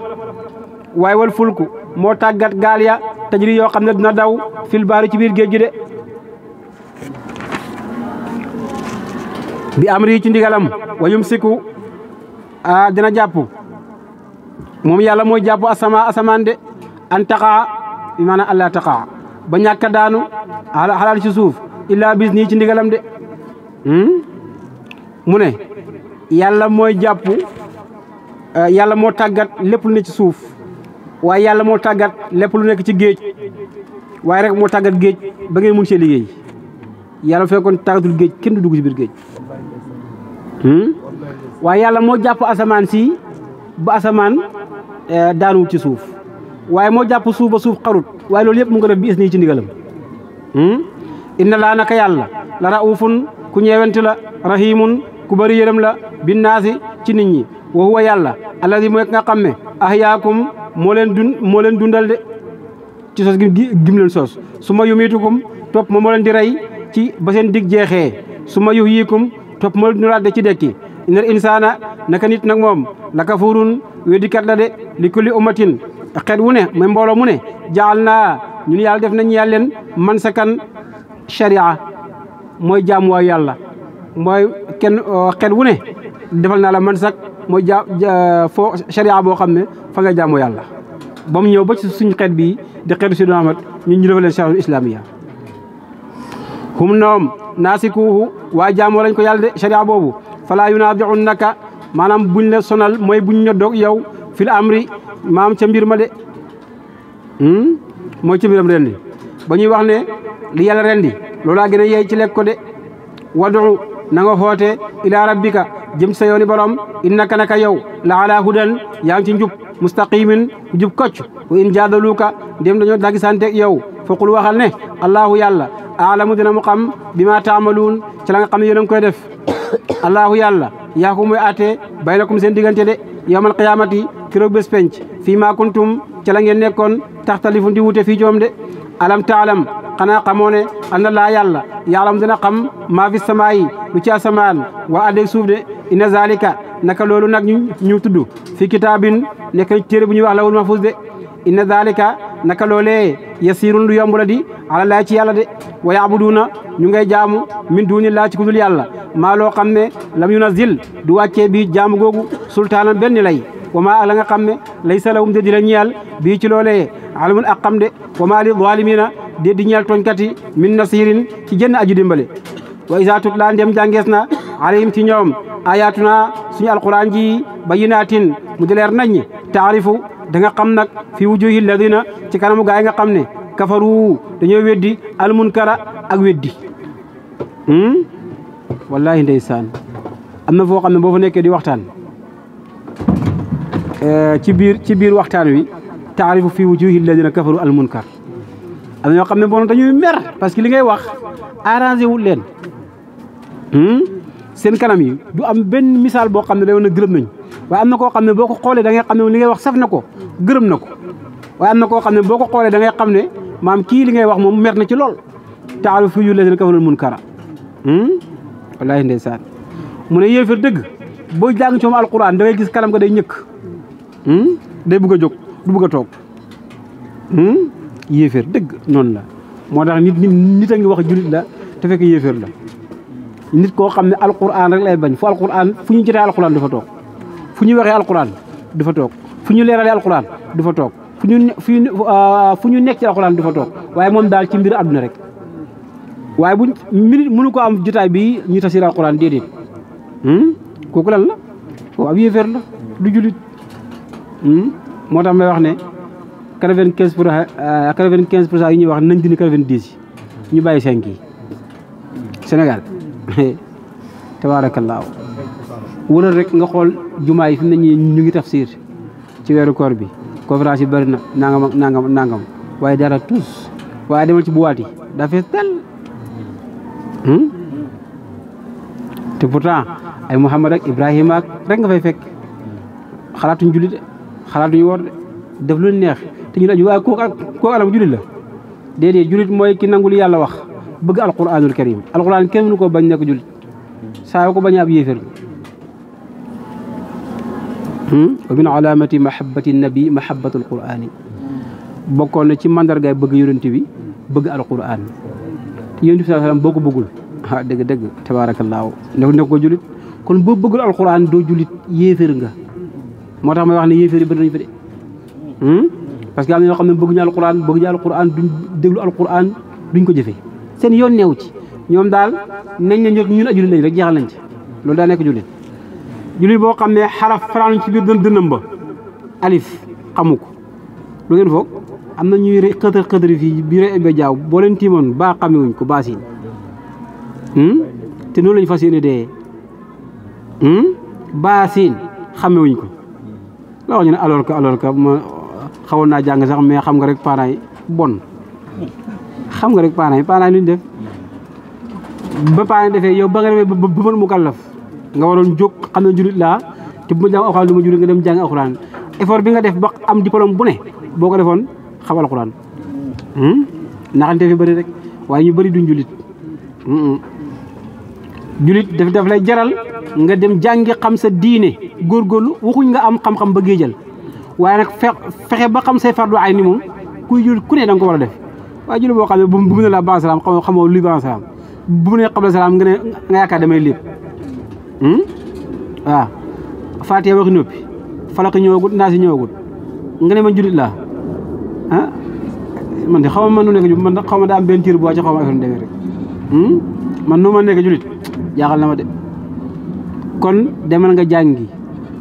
S2: waaye wal fulku moo tàggat gaal ya tajri yoo xam ne dina daw fil baari ci biir géej gi de bi amri yi ci ndigalam wayum siku a dina jàpp moom yàlla mooy jàpp asama asamaan de an taxaa bi maanaam allah taxaa ba ñàkk a daanu xalaal ci suuf illaa bis nii ci ndigalam de hmm? mu ne yàlla mooy jàpp euh, yàlla moo tàggat lépp lu ci suuf waaye yàlla moo tàggat lépp lu nekk ci géej waaye rek moo tàggat géej ba ngeen mun see liggéey yàlla fekkoon tàggatul géej kenn du dugg ci biir géej hmm? waaye yàlla moo jàpp asamaan si ba asamaan euh, daanuwul ci suuf waaye moo jàpp suuf ba suuf xarut waaye loolu yëpp mu nga def bi is nii ci ndigalam hmm? inna laa naka yàlla la raufun ku ñeewante la ku bëri yërëm la binnaasi ci nit ñi wa huwa yàlla mooy nga xam ne ahyaakum moo leen dun moo leen dundal de ci sos gi gim leen su ma yumiitukum topp moo leen di rey ci ba seen dig jeexee su ma yuhyiikum topp moo leen dundalaat de ci dekki inal insaana naka nit nag moom la kafuurun weddikat la de li kulli ummatin te wu ne mooy mbooloo mu ne jaal naa ñun yàlla def nañ yàlla leen man sa kan sharia mooy jaamuwaayu yàlla mooy kenn euh, xeet wu ne defal na la man sak mooy jaa foo sharia boo xam ne fa nga jaamoo yàlla ba mu ñëw ba ci suñu xeet bii di xeetu si doon amat ñun ñu leen sharia islamiya noom naasikuhu waa jaamoo lañ ko yàlla de sharia boobu falaa yunaazi'unnaka maanaam buñ la sonal mooy buñ ñoddoog yow fil amri maam ca mbir ma de hmm? mooy ca mbiram rendi ba ñuy wax ne li yàlla rendi loolaa gën a yeey ci lekk ko de wadu na nga xoote ila rabbika jëm sa yooni borom naka naka yow la ala hudan yaa ngi ci njub mustaqimin njub kocc wa in jaadaluuka dem dañoo daggi santeeg yow foqul waxal ne allahu yàlla aalamu dina mu xam bi ma taamaluun ci xam ne yéen a ngi koy def allahu yàlla yaa ko muy àtte baynakum seen diggante de yawmal qiyaamati kiroog bés penc fii maa kuntum ca la ngeen nekkoon taxtalifu di wute fii de alam taalam xanaa xamoo ne laa yàlla yaalam dina xam maa fi samaayi lu ci asamaan wa adeeg suuf de ina zalika naka loolu nag ñu ñu tudd fi kitaabin nekk téere bu ñuy wax lawul mahfuus de inna dalika naka loolee yasirun lu yomb la di ala laa ci yàlla de wa yaabuduuna ñu ngay jaamu min duuni laa ci ku dul yàlla maa loo xam ne lam yunazil du wàccee bii jaamu googu sultaanan benn lay wa maa ak la nga xam ne laysa lahum de di la ñeel bii ci loolee alamun a xam de wa maa li zalimina de di ñeel tooñkat yi min nasirin ci jënn aju dimbale wa isa tutla ndem jàngees na alayhim ci ñoom ayatuna suñu alquran ji bayinatin mu di leer nañ taarifu danga xam nag fi wujuhi ladina ci kanamu gaa yi nga xam ne kafaru dañoo weddi almunkara ak weddi hmm? wallahi ndeysaan am na foo xam ne boo fa nekkee di waxtaan eh, ci biir ci biir waxtaan wi taarifu fi wujuhi ladina kafaru almunkar am na ñoo xam ne bon dañuy mer parce que li ngay wax arrangé wul leen hmm? seen kanam yi du am benn misaal boo xam ne day woon a gërëm nañ وأنا كو خامي بوكو خولي داغي خامي لي غي واخ ساف نكو غيرم نكو وأنا كو خامي بوكو خولي داغي خامني مام كي لي غي واخ موم ميرنا سي لول تعالو في يولا كفر المنكر هم والله ندسان مون ييفر دغ بو جانغ سوم القران داغي غيس كلام غا داي نيك هم داي بوغا جوك دو بوغا توك هم ييفر دغ نون لا موتاخ نيت نيت غي واخ جوليت لا تفيك ييفر لا نيت كو خامني القران رك لاي باغ فو القران فو نيو جيتال القران دا فا توك fu ñu waxee alquran du fa toog fu ñu leeralee alquran du fa toog fu ñu ah, fu ñu nekk ci alquran du fa toog waaye moom daal ci mbir àdduna rek waaye buñ minute mënu ko am jotaay bii ñu tasir alquran déedéet hmm? kooku lan la waaw yéeféer la du julit hmm? moo tax may wax ne quatre quinze pour ah, quatre-vingt-quinze pour cent yi ñuy wax nañ dini quatre vingt ñu bàyyi cinq yi Sénégal tabaarakallaahu wala rek nga xol juma yi fi nañu ñu ngi tafsir ci wéru koor bi conférence yi bari na nangam nangam nangam waye dara tous waye demal ci buwaat yi daa tel hmm te pourtant ay mohammed ak ibrahim ak rek nga fay fek xalaatuñ julit de xalaatuñ def lu neex te ñu laaj wa ko ak alam julit la dede julit moy ki nangul yalla wax bëgg alquranul karim alquran kenn mënu ko bañ nekk julit sa ko bañ ab yéfer o hmm? wa min alaamati mahabati nabi mahabatul quraani bokkoon na ci mandargaay bëgg yonent bi bëgg alquran yonent bi salaam boo ko bëggul ah dëgg dëgg tabaarakallaahu ne ne ko julit kon boo bëggul alquran doo julit yéeféer nga moo tax ma wax ne yéeféer yi bëri nañu de hmm? parce que am na ñoo xam ne bëgguñu alquran bëgguñu alquran duñ déglu alquran duñ ko jëfee seen yoon neew ci ñoom daal nañ na ñun ajulit lañ rek jeexal nañ ci loolu daa nekk julit jullit boo xam ne xaraf faraanu ci biir dën dënam alif xamu ko lu ngeen foog am na ñuy xëtër xëtër fii biir ay ba jaaw boo leen tiimoon baa wuñ ko baa siin hmm? te noonu lañ fa yéene dee hmm? baa siin xamewuñ ko la wax ñu xawoon naa jàng sax mais xam nga rek parents yi bon xam nga rek parents yi parents yi lu ñu def ba parents defee yow ba nga demee ba mën mu kàllaf nga waroon jóg xam ne julit laa te bu ma jàng alxuraan lu ma julit nga dem jàng alxuraan effort bi nga def ba am diplôme bu ne boo ko defoon xam alxuraan hmm? naxante fi bari rek waaye ñu bari duñ julit julit daf daf lay jaral nga dem jàngi xam sa diine góorgóorlu waxuñ nga am xam-xam ba géejal waaye nag fexe ba xam say fardu ay ni moom kuy julit ku ne da nga ko war a def waaye julit boo xam ne bu mu ne la ban salaam xamoo xamoo luy ban salaam salaam nga ne nga yaakaar damay lépp hmm ah fatiha wax nopi falak ñewagul nasi ñewagul nga ne man julit la ah man de xawma nu nek man xawma da am ben tir bo ci xawma afon dewe rek hmm man numa nek julit na ma de kon demal nga jangi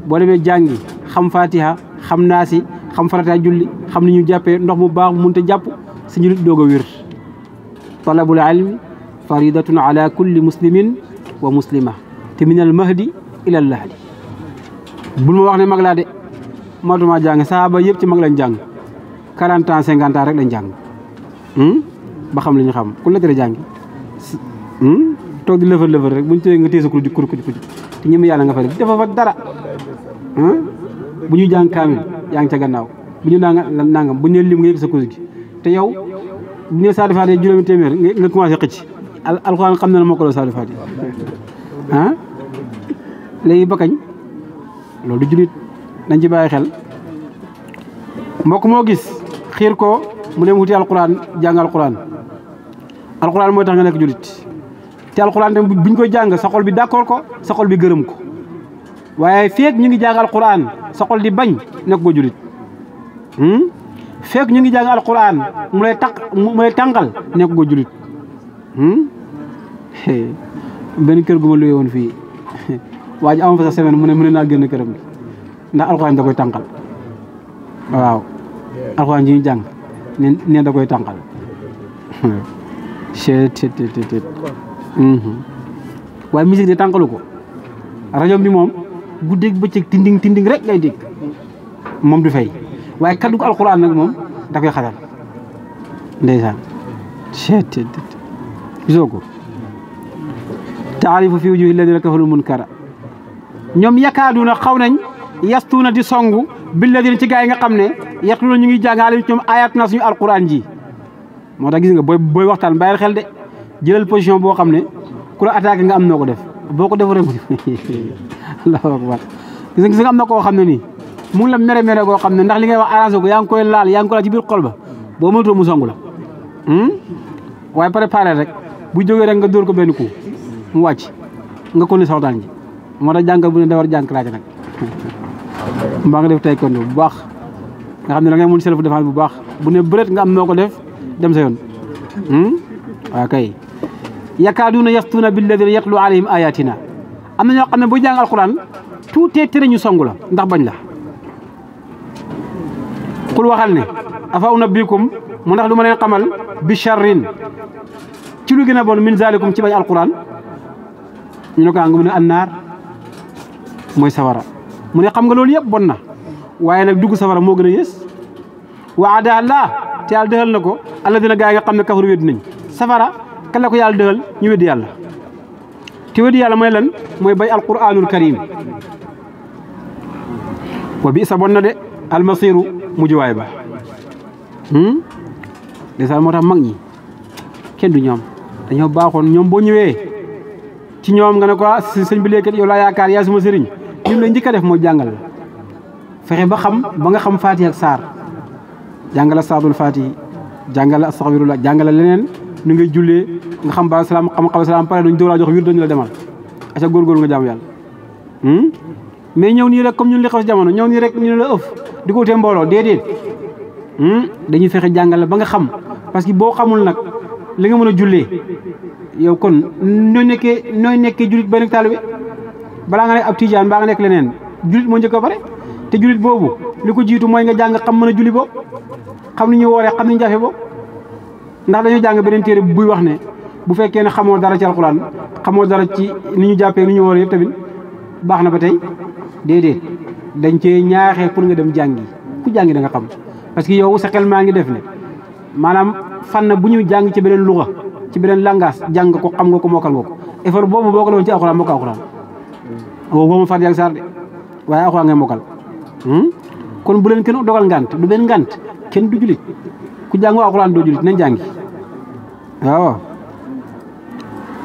S2: bo demé jangi xam fatiha xam nasi xam farata julli xam ni ñu jappé ndox mu baax mu ta japp ci julit doga wir talabul ilmi faridatun ala kulli muslimin wa muslimah te minal mahdi ilal lahdi bul ma wax ne mag laa de matuma jàng saaba yëpp ci mag lañ jàng 40 ans 50 ans rek lañ jàng hmm? ba xam li ñu xam ku la tere jàngi hmm? toog di lëfër lëfër rek buñ tee nga teesa kuruj kuruj kuruj te ñi mu yàlla nga fa def dafa fa dara hmm? bu ñu jàng kaamil yaa ngi ca gannaaw bu ñu naan nangam bu ñu lim nga yëg sa kurus gi te yow bu ñu saadifaat yi juróomi téeméer nga commencé xëcc alxuraan xam na ne moo ko doon saadifaat yi ah lay ba lolou julit nañ ci baye xel mbokk mo gis xir ko mu dem wuti alquran jang alquran alquran mooy tax nga nek julit ci alquran dem buñ ko jang sa xol bi d'accord ko sa xol bi geureum ko waye fek ñu ngi jang alquran sa xol di bañ nek ko julit hmm? fek ñu ngi jang alquran mu lay tak mu lay tangal nek ko julit hmm ben keur guma waa ji am fa sax semaine mu ne mu ne naa génn këram ndax alxuraan da koy tànqal waaw alxuraan ji ñu jàng da koy tànqal cettt mhm. waaye musique di tànqalu ko rajo bi moom guddeeg bëccëg tinding tinding rek ngay dégg moom du fay waaye kaddu alxuraan nag moom da koy xatal ndeysaan cettt ko taarifu fi wujuhi alladina kafaru munkara ñoom yakaaduuna xaw nañ na di songu billadina ci gaa yi nga xam ne yatuuna ñu ngi jàngale ñoom ayat na suñu alquran ji moo tax gis nga booy booy waxtaan bàyyil xel de jëlal position boo xam ne ku la attaqué nga am noo ko def boo ko def rek allahu akbar gis nga gis nga am na koo xam ne nii mu la mere mere goo xam ne ndax li ngay wax arrangé ko yaa ngi koy laal yaa ngi koy laal ci biir xol ba boo moytuwoo mu songu la hmm? waaye préparé rek bu jógee rek nga dóor ko benn coup mu wàcc nga ko ni sawtaan ji moo tax jàngal bu ne da war a jàng kalaate nag mbaa nga def taekwondo bu baax nga xam ne da ngay mun self défense bu baax bu ne bëreet nga am noo ko def dem sa yoon waaw hmm? kay yakaaduuna yastuuna billadina yatlu alayhim ayatina am na ñoo xam ne bu jàng alquran te tere ñu songu la ndax bañ la qul waxal ne afa unabbikum mu ndax du ma leen xamal bi charrin ci lu gën a bon min zalikum ci bañ alquran ñu ne ko ah, nga mu ne annaar mooy sawara mu ne xam nga loolu yëpp bon na waaye nag dugg safara moo gën a yées wa adaa te yàlla na ko alla dina gaa yi xam ne kafaru weddi nañ safara kan la ko yàlla dëxal ñu weddi yàlla te weddi yàlla mooy lan mooy bay alquranul karim wa bi sa bon na de almasiru mujjuwaay ba hmm? desal moo tax mag ñi kenn du ñoom dañoo baaxoon ñoom boo ñëwee ci ñoom nga ne ko ah, sëñ bi léegi yow laa yaakaar yaa suma sëriñ lim lay njëkk def mo jangal la ba xam ba nga xam fati ak sar jangala sadul fati jangala astaxfirullah jangala lenen ni ngay jullee nga xam ba salam xam xam salam paré duñ doora jox wir doñ la demal gor gor nga yalla hmm mais ñew ni rek comme ñun li xaw jamono ñew ni rek ñu la euf di ko mbolo dédé hmm dañuy fexé jangal ba nga xam parce que bo xamul nak li nga mëna a yow kon nooy nekké nooy nekké jullit benn talibé balaa nga nekk ab tijaan baa nga nekk leneen julit moo njëkk a pare te julit boobu li ko jiitu mooy nga jàng xam mën a juli bo xam ni ñu wooree xam ni ñu jafe ndax dañoo jàng beneen téere buy wax ne bu fekkee ne xamoo dara ci alxuraan xamoo dara ci ni ñu jàppee ni ñu wooree yëpp tamit baax na ba tey déedéet dañ cee ñaaxee pour nga dem jàngi ku jàngi danga nga xam parce que yow sa xel maa ngi def ne maanaam fànn bu ñu jàng ci beneen luxa ci beneen langage jàng ko xam nga ko mokkal nga ko effort boobu boo ko doon ci alxuraan waxuma far jàng sar de akwa nge mokal hmm kon bu len ken dogal ngant du ben ngant ken du julit ku wa qur'an do julit ne jangi waaw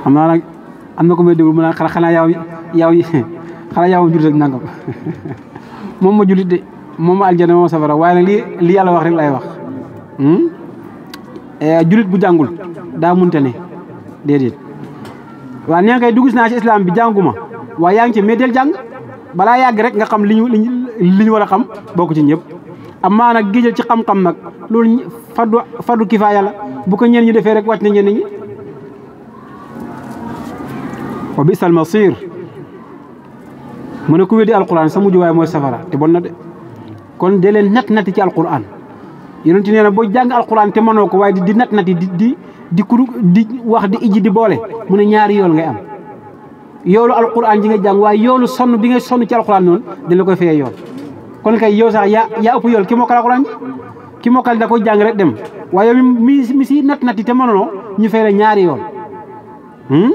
S2: amna nak amna am na ko may déglu mu naan yaw yaw xanaa yaw julit ak nangam mom mo julit de mom ma aljana mo safara way li li yalla wax rek lay wax hmm? e, julit bu jangul da muntene dedet wa ne ngay dugus na ci islam bi janguma way yaang ci medel jang bala yag rek nga xam liñu liñu wara luni xam bokku ci ñëpp amaa nag géejal ci xam-xam nak lool fadu fadu la bu ko ñen ñu defé rek wat na ñen ñi wa bisal masir mané ku weddi alquran sa muju way moy safara té bon na dé kon dé len nat nat ci alquran yonent nee na boo alquran té mënoo ko di nat nat di di di kuru di wax di iji di bolé mune yool ngay am yoolu alquran ji nga jàng waaye yoolu sonn bi nga sonn ci alquran noonu dañ la koy fayee yoon kon kay yow yaa yaa yool ki mokkal alquran ki mokkal da koy jàng rek dem waaye mi mi si nat nat yi te mënuloo ñu fay la ñaari yoon hmm?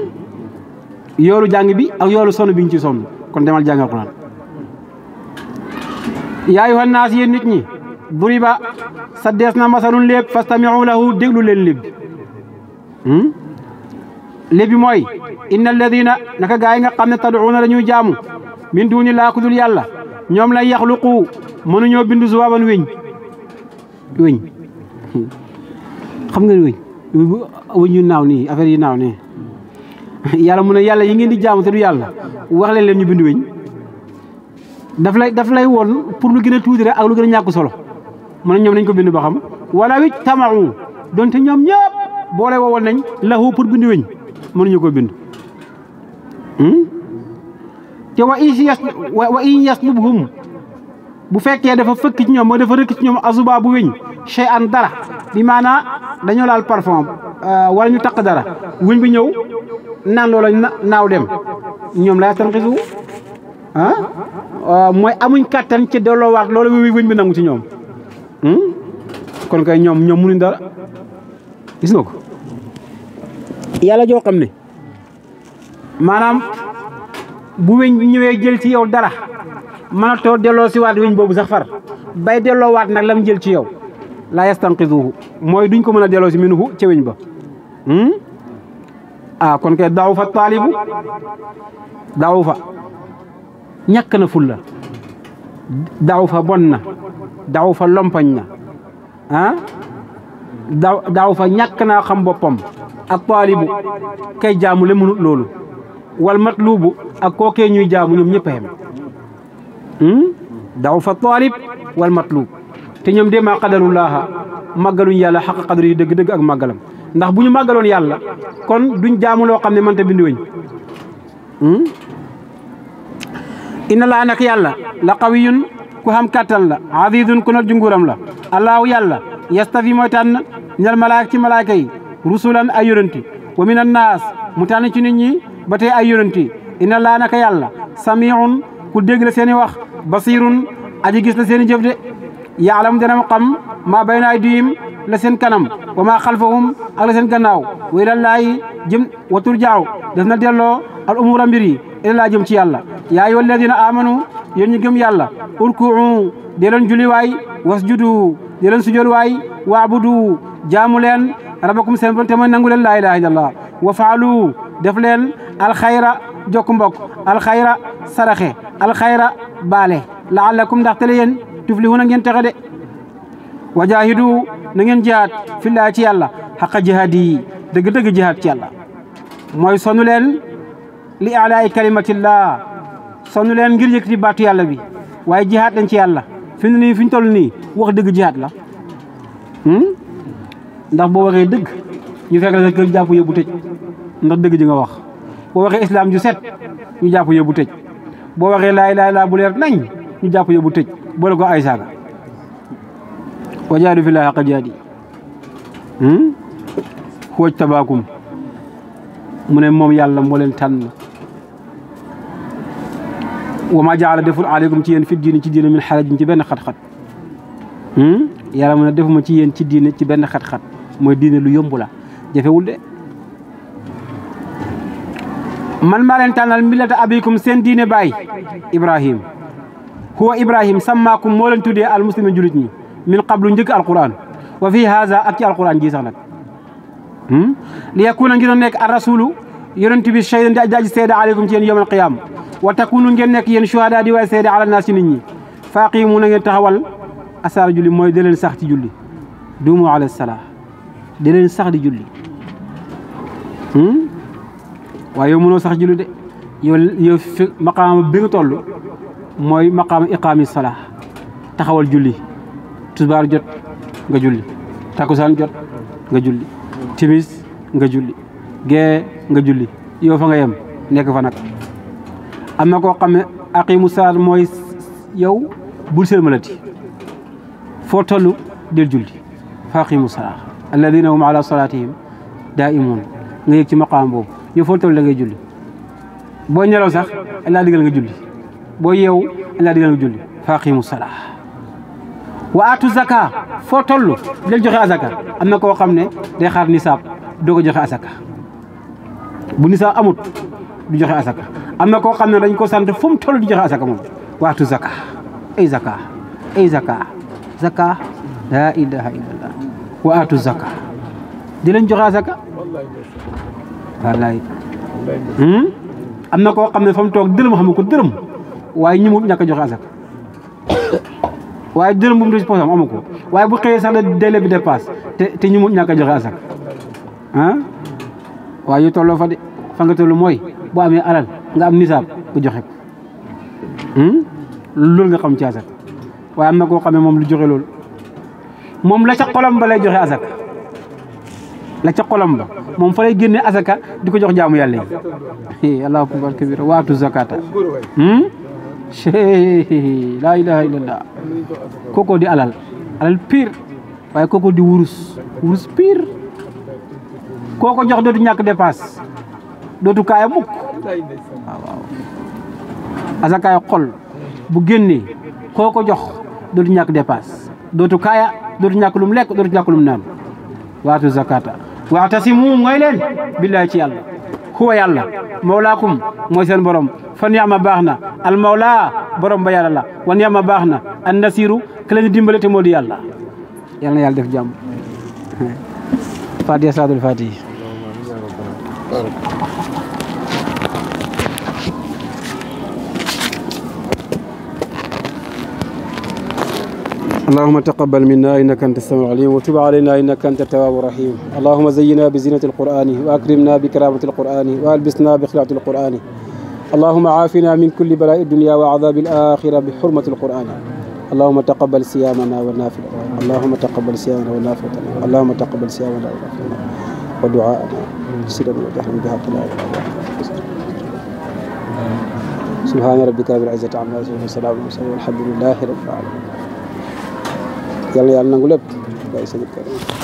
S2: yoolu jàng bi ak yoolu sonn bi ci sonn kon demal jàng alquran yaa ayyuhan naas nit ñi duriba sa dees na masalun léeb fastamiu lahu déglu leen léeb hmm? léeb mooy inna alladina naka gaa yi nga xam ne taduuna la ñuy jaamu min duuni laa ku dul yàlla ñoom lay yaxluqu mënuñoo bindu zuwaaban weñ weñ xam nga weñ weñ yu naaw nii affaire yu naaw nii yàlla mu ne yàlla yi ngeen di jaamu te du yàlla wax leen leen ñu bindu weñ daf lay daf lay woon pour lu gën a tuuti ak lu gën a ñàkk solo mu ne ñoom nañ ko bind ba xam wala wi tamaxu donte ñoom ñëpp boole woowoon nañ lahu pour bindu weñ mënuñu ko bind Hmm? te wa in yas wa in yaslubhum bu fekkee dafa fëkk ci ñoom moo dafa rëkk ci ñoom azuba bu weñ chey an dara bi maanaa dañoo laal parfum euh, wala ñu taq dara wuñ bi ñëw naan loola naaw dem ñoom laa tanqisu ah mooy amuñ kàttan ci delloowaat loolu wuñ bi nangu ci ñoom hmm? kon kay ñoom ñoom munuñ dara gis nga ko yàlla joo xam ne manam bu weñ ñëwee jël ci yow dara to delloo ci waat weñ bobu sax far bay delloo waat nak lam jël ci yow la yastanqizuhu moy duñ ko mëna ci minuhu ci weñ ba hmm? ah kon kay daaw fa taalibu daaw fa ñàkk na fulla daaw fa bon fa lompañ na ah daaw daaw fa ñàkk xam bopam ak taalibu kay jaamu le mënut lolu wal matlubu ak kookee ñuy jaamu ñoom ñëpp a yem hmm? daw fa taalib wal matlub te ñoom de maa qadarullaaha màggaluñ yàlla xaq qadar yi dëgg-dëgg ak màggalam ndax bu ñu màggaloon yàlla kon duñ jaamu loo xam ne mënta bind weñ hmm? inna laa nag yàlla la qawiyun ku xam kàttan la azizun ku not junguram la allaahu yàlla yastafi mooy tànn ñal malaak ci malaaka rusulan ay yoranti wa min annaas mu tànn ci nit ñi ba tey ay yonent yi ina laa naka yàlla samiun ku dégg la seen i wax basirun aji gis la seen i jëf de yaalamu dana xam maa bay naay diim la seen kanam wa maa xalfahum ak la seen gannaaw wa ilallaahi jëm wa turjaaw des na delloo al a mbir yi ilallaa jëm ci yàlla yaa ayyuha alladina amanu yéen ñu gëm yàlla urkuu dee leen juli waay wasjudu dee leen sujjood waay waabudu jaamu leen rabakum seen borom te mooy nangu leen laa ilaha wa faalu def leen alxayra jokk mbokk alxayra saraxe alxayra baale laallakum ndaxte le yéen tuflihuna ngeen texe de wajaahidu na ngeen jihaad fillaa ci yàlla xaqa jihaad yi dëgg-dëgg jihaad ci yàlla mooy sonu leen li alaay la sonu leen ngir yëkkati baatu yàlla bi waaye jihaad lañ ci yàlla fi mu nii toll nii wax dëgg jihaad la hmm? ndax boo waxee dëgg ñu fekk la sa kër jàpp yóbbu tëj ndax dëgg ji nga wax bo waxe islam ju set ñu jàpp yobu tëj bo waxe la ilaha illallaa bu leer nañ ñu jàpp yobu tëj bo lako ay saga wajadu jaadu fi laahi hmm jihaadi tabakum mune mom yàlla mo len tan wa ma jaala deful aleykum ci yéen fi diine ci diine min xarajin ci benn xat-xat yàlla mu ne defuma ci yéen ci diine ci benn xat-xat mooy diine lu yomb la jafewul de man maa leen tànnal millata abikum seen diine baay ibrahim huwa ibrahim sammaakum moo leen tuddee al muslimin julit ñi min qablu njëkk alquran wa fii haza ak ci alquran ji sax nag li yakuna ngir nekk ar rasulu yonent bi shaydan di aji seede aleykum ci yéen yowmal qiyam wa takunu ngeen nekk yéen shuhada di waay seede ala naas ci nit ñi faaqimu na ngeen taxawal asaara julli mooy da leen sax ci julli duumu ala salaa da leen sax di julli waaye yow mënoo sax julli de yow yow fi maqaama mooy maqaama iqaami salaa taxawal julli tusbaar jot nga julli takkusaan jot nga julli timis nga julli gee nga julli yow fa nga yem nekk fa nag am na koo xam ne aqimu salaat mooy yow bul sërmalati foo toll del julli fa aqimu salaat alladina hum ala salatihim daa imuun nga yëg ci maqaam boobu yow foo toll da ngay julli boo nelaw sax laa digal nga julli boo yeewu laa digal nga julli faaqimu salaa wa aatu zaka foo toll del joxe am na koo xam ne day xaar nisaab doog a joxe azaka bu nisaab amut du joxe azaka am na koo xam ne dañ koo sant fu mu toll di joxe azaka moom wa aatu zaka ay zaka ay zaka zaka la ilaha illallah wa aatu zaka di leen joxe azaka wallaay hmm? am na koo xam ne fa mu toog dërëm xam ko dërëm waaye ñi mu ñàkk a joxe asak waaye dërëm bu mu des posam amu ko waaye bu xëyee sax la bi dépasse te te ñi mu ñàkk a joxe asak ah waaye yu tolloo fa de fa nga tollu mooy boo amee alal nga am nisaab nga joxe ko hmm? loolu nga xam ci asak waaye am na koo xam ne moom lu joxe lool moom la ca xolam ba lay joxe asak la ca xolam ba moom fa lay génne asaka diko jox jaamu yalla yi allahu akbar kabira waatu zakata hmm? la ilaha illallah koko di alal alal pire waye koko di wurus wurus pire koko jox dotu ñak dépasse dotu kay mukk asaka ay xol bu génnee koko jox dotu ñak dépasse dotu kaya dotu ñak lum lek dotu ñak lum nan waatu zakata waxtasimu mooy leen billaay ci yàlla huwa yàlla mawlaakum mooy seen borom fa niama baax na al mawla borom ba yàlla la wa niama baax na an nasiru ki la ñu dimbale te moo di yàlla yàlla na yàlla def jàmm fatiha salatul fatiha اللهم تقبل منا إنك أنت السميع العليم وتب علينا إنك أنت التواب الرحيم اللهم زينا بزينة القرآن وأكرمنا بكرامة القرآن وألبسنا بخلعة القرآن اللهم عافنا من كل بلاء الدنيا وعذاب الآخرة بحرمة القرآن اللهم تقبل صيامنا والنافلة اللهم تقبل صيامنا والنافلة اللهم تقبل صيامنا والنافلة ودعاءنا سرا وجهرا بها سبحان ربك رب العزة عما يصفون وسلام والحمد لله رب العالمين yàlla yàlla nangu lépp.